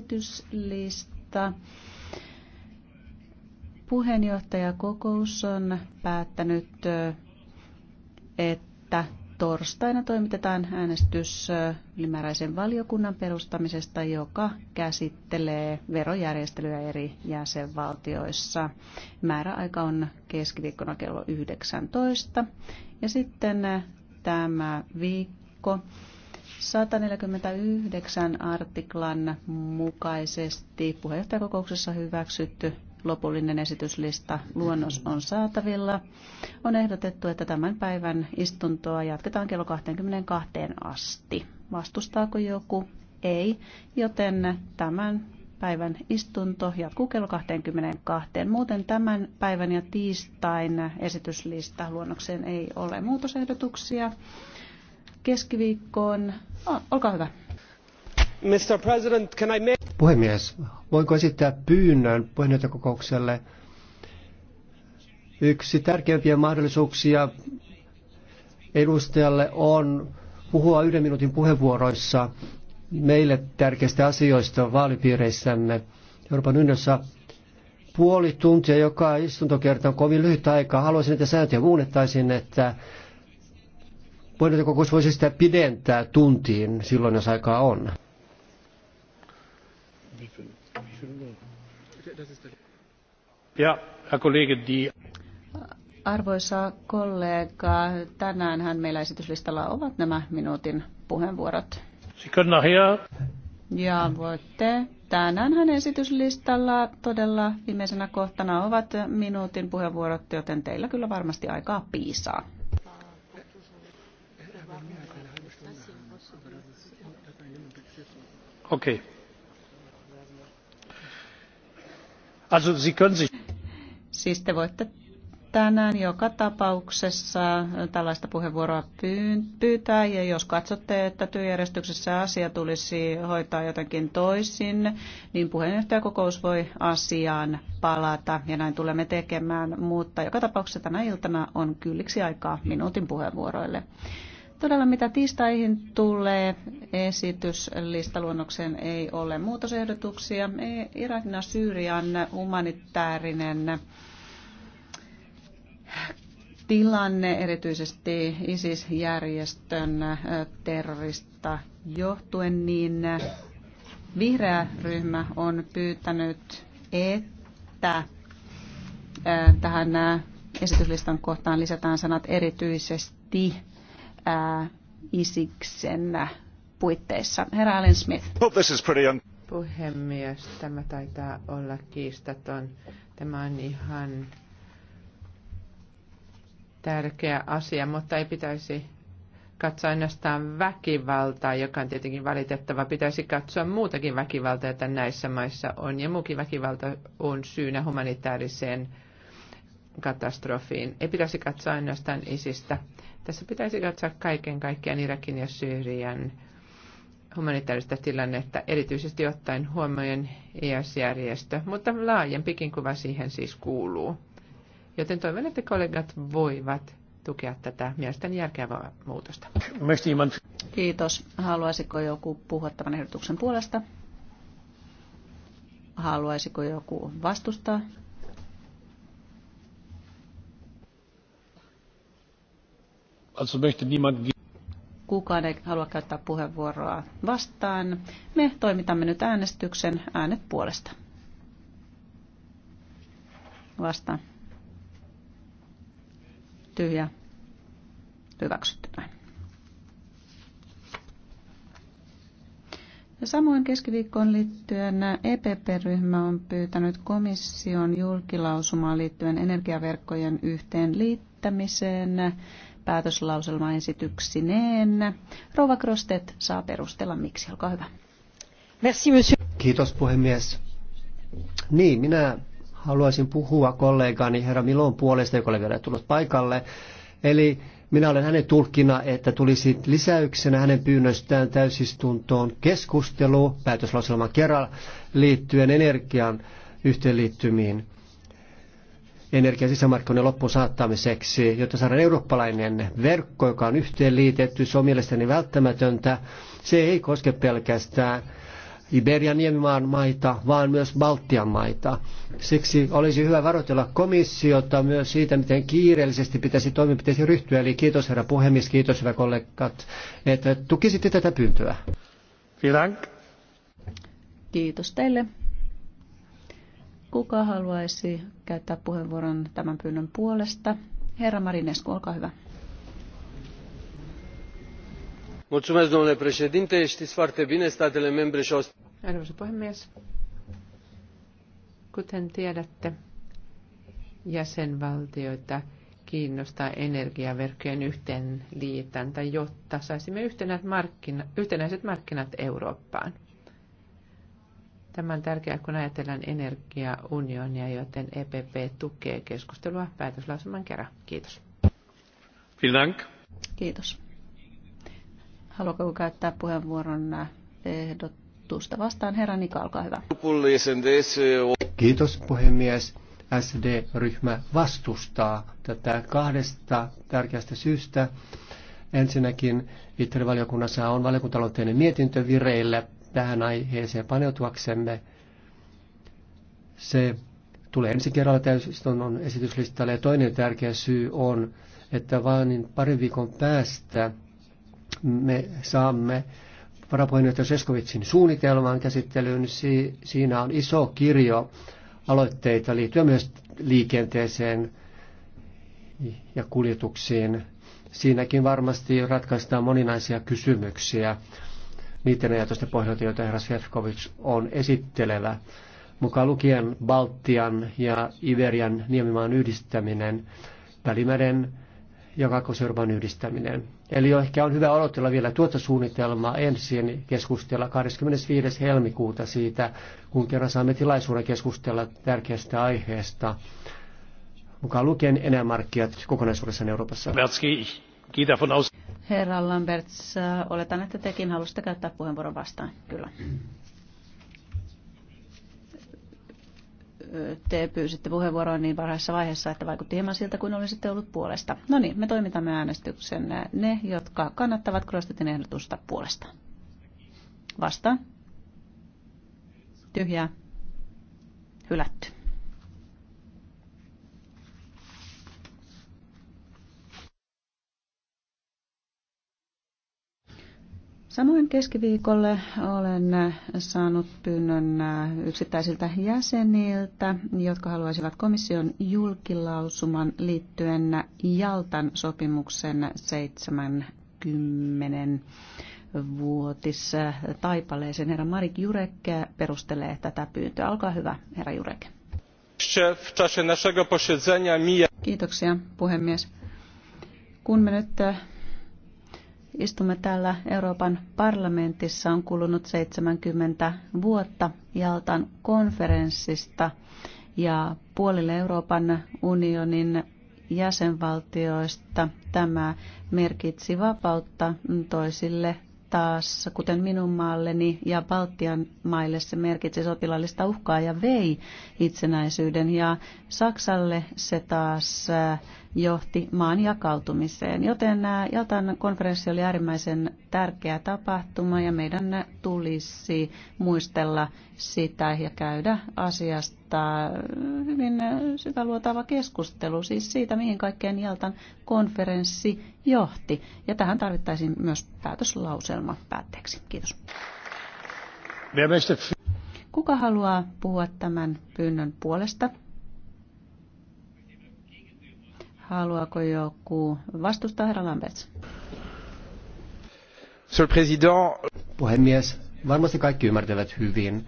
esityslista. Puheenjohtajakokous on päättänyt, että torstaina toimitetaan äänestys ylimääräisen valiokunnan perustamisesta, joka käsittelee verojärjestelyä eri jäsenvaltioissa. Määräaika on keskiviikkona kello 19. Ja sitten tämä viikko. 149 artiklan mukaisesti puheenjohtajakokouksessa hyväksytty lopullinen esityslista luonnos on saatavilla. On ehdotettu, että tämän päivän istuntoa jatketaan kello 22 asti. Vastustaako joku? Ei, joten tämän päivän istunto jatkuu kello 22. Muuten tämän päivän ja tiistain esityslista luonnokseen ei ole muutosehdotuksia keskiviikkoon. No, olkaa hyvä. Mr. President, can I make... Puhemies, voinko esittää pyynnön puheenjohtajakokoukselle yksi tärkeimpiä mahdollisuuksia edustajalle on puhua yhden minuutin puheenvuoroissa meille tärkeistä asioista vaalipiireissämme Euroopan unionissa. Puoli tuntia joka istuntokerta on kovin lyhyt aika. Haluaisin, että sääntöjä muunnettaisiin, että puheenjohtajakokous voisi sitä pidentää tuntiin silloin, jos aikaa on. Ja, Arvoisa kollega, tänäänhän meillä esityslistalla ovat nämä minuutin puheenvuorot. Ja voitte. Tänäänhän esityslistalla todella viimeisenä kohtana ovat minuutin puheenvuorot, joten teillä kyllä varmasti aikaa piisaa. Siis te voitte tänään joka tapauksessa tällaista puheenvuoroa pyytää ja jos katsotte, että työjärjestyksessä asia tulisi hoitaa jotenkin toisin, niin puheenjohtajakokous voi asiaan palata ja näin tulemme tekemään, mutta joka tapauksessa tänä iltana on kylliksi aikaa minuutin puheenvuoroille. Todella mitä tiistaihin tulee, esityslistaluonnokseen ei ole muutosehdotuksia. E, Irakin ja Syyrian humanitaarinen tilanne, erityisesti ISIS-järjestön terrorista johtuen, niin vihreä ryhmä on pyytänyt, että tähän esityslistan kohtaan lisätään sanat erityisesti ää, Isiksen puitteissa. Herra Allen Smith. Well, this is pretty Puhemies, tämä taitaa olla kiistaton. Tämä on ihan tärkeä asia, mutta ei pitäisi katsoa ainoastaan väkivaltaa, joka on tietenkin valitettava. Pitäisi katsoa muutakin väkivaltaa, jota näissä maissa on. Ja muukin väkivalta on syynä humanitaariseen katastrofiin. Ei pitäisi katsoa ainoastaan isistä. Tässä pitäisi katsoa kaiken kaikkiaan Irakin ja Syyrian humanitaarista tilannetta, erityisesti ottaen huomioon is e järjestö mutta laajempikin kuva siihen siis kuuluu. Joten toivon, että kollegat voivat tukea tätä mielestäni järkevää muutosta. Kiitos. Haluaisiko joku puhua tämän ehdotuksen puolesta? Haluaisiko joku vastustaa? Also möchte niemand kukaan ei halua käyttää puheenvuoroa vastaan. Me toimitamme nyt äänestyksen äänet puolesta. Vasta. Tyhjä. Hyväksytty näin. Ja samoin keskiviikkoon liittyen EPP-ryhmä on pyytänyt komission julkilausumaan liittyen energiaverkkojen yhteenliittämiseen päätöslauselmaesityksineen. Rouva Krostet saa perustella miksi, olkaa hyvä. Merci, monsieur. Kiitos puhemies. Niin, minä haluaisin puhua kollegani herra Milon puolesta, joka oli vielä tullut paikalle. Eli minä olen hänen tulkkina, että tulisi lisäyksenä hänen pyynnöstään täysistuntoon keskustelu päätöslauselman kerran liittyen energian yhteenliittymiin energian sisämarkkinoiden loppuun saattamiseksi, jotta saadaan eurooppalainen verkko, joka on yhteenliitetty. Se on mielestäni välttämätöntä. Se ei koske pelkästään Iberian niemimaan maita, vaan myös Baltian maita. Siksi olisi hyvä varoitella komissiota myös siitä, miten kiireellisesti pitäisi toimenpiteisiin ryhtyä. Eli kiitos herra puhemies, kiitos hyvä kollegat, että tukisitte tätä pyyntöä. Kiitos teille. Kuka haluaisi käyttää puheenvuoron tämän pyynnön puolesta? Herra Marinescu, olkaa hyvä. Mulțumesc, domnule președinte. Știți foarte bine, statele membre și-au... Arvoisa puhemies, kuten tiedätte, jäsenvaltioita kiinnostaa energiaverkkojen yhteenliitäntä, jotta saisimme yhtenäiset markkinat Eurooppaan. Tämä on tärkeää, kun ajatellaan energiaunionia, joten EPP tukee keskustelua päätöslausuman kerran. Kiitos. Kiitos. Haluatko käyttää puheenvuoron äh, ehdotusta vastaan? Herra Nika, olkaa hyvä. Kiitos puhemies. SD-ryhmä vastustaa tätä kahdesta tärkeästä syystä. Ensinnäkin itse valiokunnassa on valiokuntaloitteinen mietintö vireille tähän aiheeseen paneutuaksemme. Se tulee ensi kerralla täysistunnon esityslistalle. Ja toinen tärkeä syy on, että vain niin parin viikon päästä me saamme varapuheenjohtaja Seskovitsin suunnitelman käsittelyyn. Si- siinä on iso kirjo aloitteita liittyen myös liikenteeseen ja kuljetuksiin. Siinäkin varmasti ratkaistaan moninaisia kysymyksiä niiden ajatusten pohjalta, joita herra Sefcovic on esittelevä, mukaan lukien Baltian ja Iverian niemimaan yhdistäminen, Välimeren ja Kakkoseurman yhdistäminen. Eli ehkä on hyvä odotella vielä tuota suunnitelmaa ensin keskustella 25. helmikuuta siitä, kun kerran saamme tilaisuuden keskustella tärkeästä aiheesta, mukaan lukien enää markkinat kokonaisuudessaan Euroopassa. Mertski, aus. Herra Lamberts, oletan, että tekin halusitte käyttää puheenvuoron vastaan. Kyllä. Te pyysitte puheenvuoroa niin varhaisessa vaiheessa, että vaikutti hieman siltä kuin olisitte ollut puolesta. No niin, me toimitamme äänestyksen ne, jotka kannattavat Krostetin ehdotusta puolesta. Vastaan. Tyhjää. Hylätty. Samoin keskiviikolle olen saanut pyynnön äh, yksittäisiltä jäseniltä, jotka haluaisivat komission julkilausuman liittyen Jaltan sopimuksen 70 vuotis äh, taipaleeseen. Herra Marik Jurek perustelee tätä pyyntöä. Olkaa hyvä, herra Jurek. Kiitoksia, puhemies. Kun me nyt istumme täällä Euroopan parlamentissa, on kulunut 70 vuotta Jaltan konferenssista ja puolille Euroopan unionin jäsenvaltioista tämä merkitsi vapautta, toisille taas, kuten minun maalleni ja Baltian maille, se merkitsi sotilaallista uhkaa ja vei itsenäisyyden. Ja Saksalle se taas äh, johti maan jakautumiseen. Joten äh, Jaltan konferenssi oli äärimmäisen tärkeä tapahtuma ja meidän tulisi muistella sitä ja käydä asiasta tota, hyvin sitä keskustelu siis siitä, mihin kaikkeen Jaltan konferenssi johti. Ja tähän tarvittaisiin myös päätöslauselma päätteeksi. Kiitos. Kuka haluaa puhua tämän pyynnön puolesta? Haluaako joku vastustaa herra Lamberts? Monsieur le Puhemies, varmasti kaikki ymmärtävät hyvin,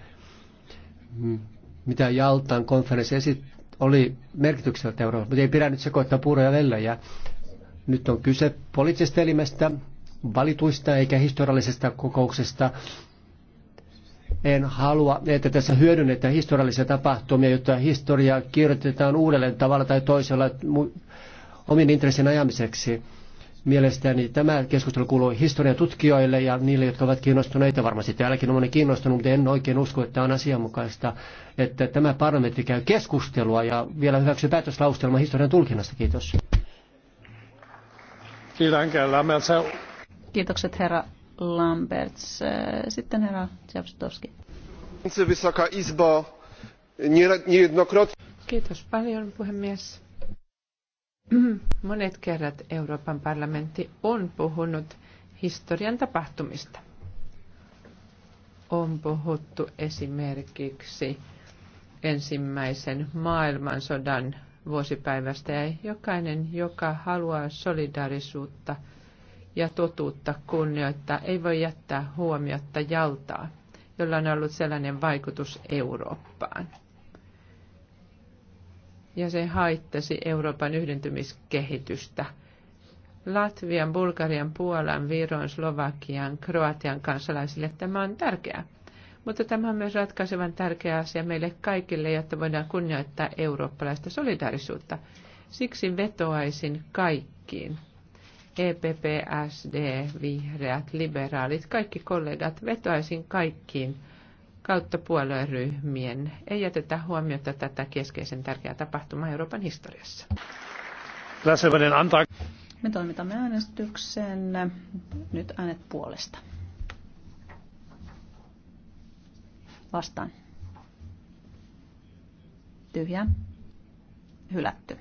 mitä Jaltan konferenssi esit- oli merkitykseltä Euroopassa, mutta ei pidä nyt sekoittaa puuroja ja Nyt on kyse poliittisesta elimestä, valituista eikä historiallisesta kokouksesta. En halua, että tässä hyödynnetään historiallisia tapahtumia, jotta historiaa kirjoitetaan uudelleen tavalla tai toisella omin intressin ajamiseksi. Mielestäni tämä keskustelu kuuluu historian tutkijoille ja niille, jotka ovat kiinnostuneita. Varmasti täälläkin on moni kiinnostunut, mutta en oikein usko, että on asianmukaista, että tämä parlamentti käy keskustelua ja vielä hyväksyy päätöslaustelma historian tulkinnasta. Kiitos. Kiitokset herra Lamberts. Sitten herra Dziabstowski. Kiitos paljon puhemies. Monet kerrat Euroopan parlamentti on puhunut historian tapahtumista. On puhuttu esimerkiksi ensimmäisen maailmansodan vuosipäivästä ja jokainen, joka haluaa solidaarisuutta ja totuutta kunnioittaa, ei voi jättää huomiotta jaltaa, jolla on ollut sellainen vaikutus Eurooppaan ja se haittasi Euroopan yhdentymiskehitystä. Latvian, Bulgarian, Puolan, Viron, Slovakian, Kroatian kansalaisille tämä on tärkeää. Mutta tämä on myös ratkaisevan tärkeä asia meille kaikille, jotta voidaan kunnioittaa eurooppalaista solidaarisuutta. Siksi vetoaisin kaikkiin. EPP, SD, vihreät, liberaalit, kaikki kollegat, vetoaisin kaikkiin – kautta puolueryhmien ei jätetä huomiota tätä keskeisen tärkeää tapahtumaa Euroopan historiassa. Me toimitamme äänestyksen. Nyt äänet puolesta. Vastaan. Tyhjä. Hylätty.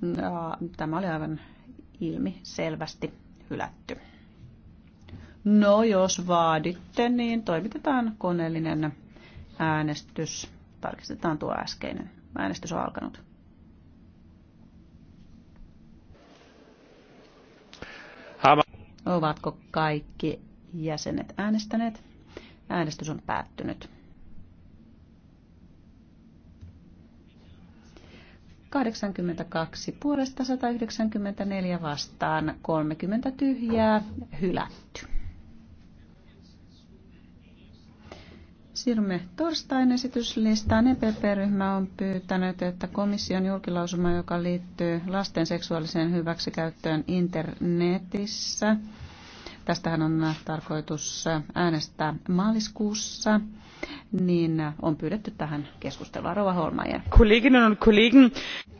No, tämä oli aivan ilmi selvästi hylätty. No, jos vaaditte, niin toimitetaan koneellinen äänestys. Tarkistetaan tuo äskeinen. Äänestys on alkanut. Ovatko kaikki jäsenet äänestäneet? Äänestys on päättynyt. 82 puolesta 194 vastaan, 30 tyhjää, hylätty. Siirrymme torstain esityslistaan. EPP-ryhmä on pyytänyt, että komission julkilausuma, joka liittyy lasten seksuaaliseen hyväksikäyttöön internetissä, tästähän on tarkoitus äänestää maaliskuussa, niin on pyydetty tähän keskustelua. Rova Holmaier. Kollegin on kollegin.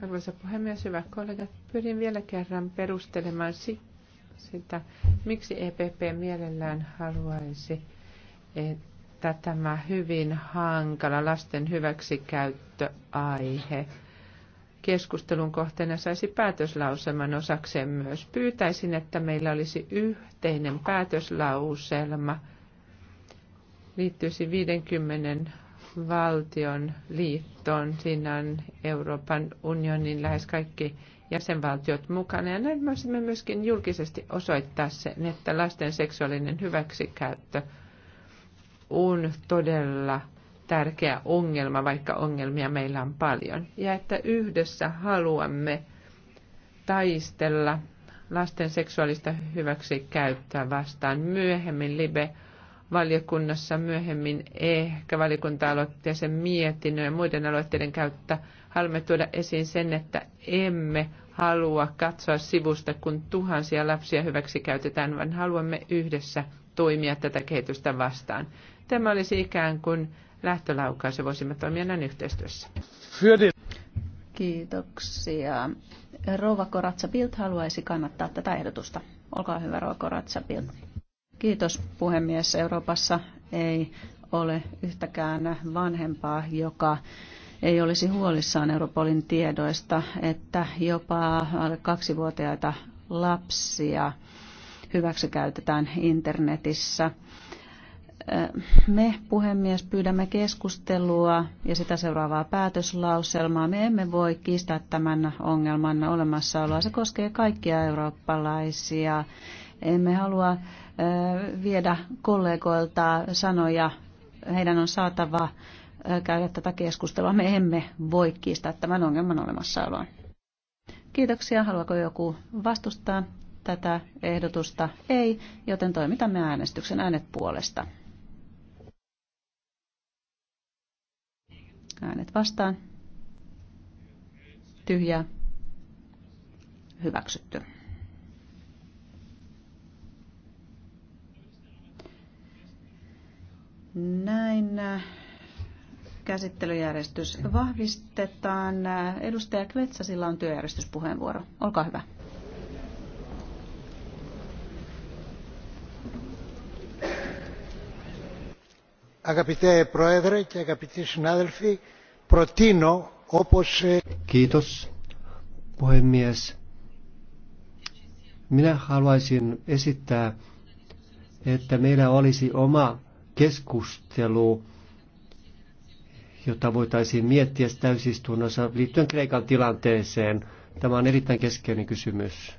Arvoisa puhemies, hyvät kollegat, pyrin vielä kerran perustelemaan sitä, miksi EPP mielellään haluaisi, että että tämä hyvin hankala lasten hyväksikäyttöaihe keskustelun kohteena saisi päätöslauselman osakseen myös. Pyytäisin, että meillä olisi yhteinen päätöslauselma, liittyisi 50 valtion liittoon. Siinä on Euroopan unionin lähes kaikki jäsenvaltiot mukana. Ja näin voisimme myöskin julkisesti osoittaa sen, että lasten seksuaalinen hyväksikäyttö – on todella tärkeä ongelma, vaikka ongelmia meillä on paljon. Ja että yhdessä haluamme taistella lasten seksuaalista hyväksikäyttöä vastaan myöhemmin libe valiokunnassa myöhemmin ehkä valiokunta-aloitteeseen mietinnön ja muiden aloitteiden käyttä haluamme tuoda esiin sen, että emme halua katsoa sivusta, kun tuhansia lapsia hyväksikäytetään, vaan haluamme yhdessä toimia tätä kehitystä vastaan. Tämä olisi ikään kuin lähtölaukaus ja voisimme toimia näin yhteistyössä. Kiitoksia. Rouva Koratsa Bild haluaisi kannattaa tätä ehdotusta. Olkaa hyvä, Rouva Koratsa Bild. Kiitos puhemies. Euroopassa ei ole yhtäkään vanhempaa, joka ei olisi huolissaan Europolin tiedoista, että jopa alle kaksivuotiaita lapsia hyväksikäytetään internetissä. Me, puhemies, pyydämme keskustelua ja sitä seuraavaa päätöslauselmaa. Me emme voi kiistää tämän ongelman olemassaoloa. Se koskee kaikkia eurooppalaisia. Emme halua viedä kollegoilta sanoja. Heidän on saatava käydä tätä keskustelua. Me emme voi kiistää tämän ongelman olemassaoloa. Kiitoksia. Haluaako joku vastustaa tätä ehdotusta? Ei, joten toimitamme äänestyksen äänet puolesta. Äänet vastaan. tyhjä Hyväksytty. Näin äh, käsittelyjärjestys vahvistetaan. Äh, edustaja Kvetsasilla on työjärjestyspuheenvuoro. Olkaa hyvä. Kiitos, puhemies. Minä haluaisin esittää, että meillä olisi oma keskustelu, jota voitaisiin miettiä täysistunnossa liittyen Kreikan tilanteeseen. Tämä on erittäin keskeinen kysymys.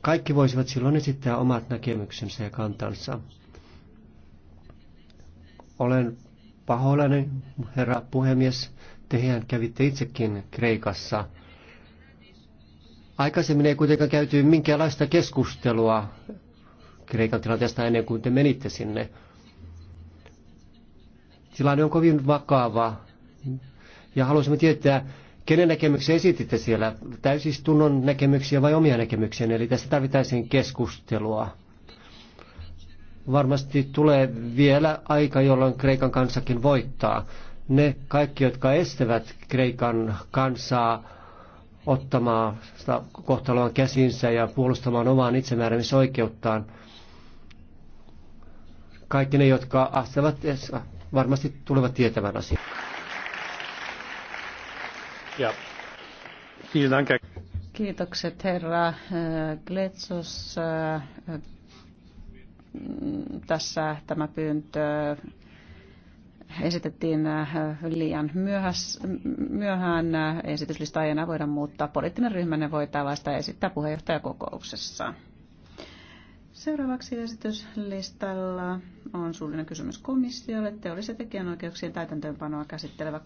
Kaikki voisivat silloin esittää omat näkemyksensä ja kantansa. Olen pahoillani, herra puhemies. Tehän kävitte itsekin Kreikassa. Aikaisemmin ei kuitenkaan käyty minkäänlaista keskustelua Kreikan tilanteesta ennen kuin te menitte sinne. Tilanne on kovin vakava ja haluaisimme tietää, kenen näkemyksiä esititte siellä, täysistunnon näkemyksiä vai omia näkemyksiä, eli tässä tarvitaan keskustelua varmasti tulee vielä aika, jolloin Kreikan kansakin voittaa. Ne kaikki, jotka estävät Kreikan kansaa ottamaan sitä kohtaloa käsinsä ja puolustamaan omaan itsemääräämisoikeuttaan, kaikki ne, jotka astavat, varmasti tulevat tietämään asian. Ja. Kiitokset herra äh, Gletsos äh, tässä tämä pyyntö esitettiin liian myöhäs, myöhään. Esityslista ei enää voida muuttaa. Poliittinen ryhmänne voi tällaista esittää puheenjohtajakokouksessa. Seuraavaksi esityslistalla on suullinen kysymys komissiolle teollisen tekijänoikeuksien täytäntöönpanoa käsittelevä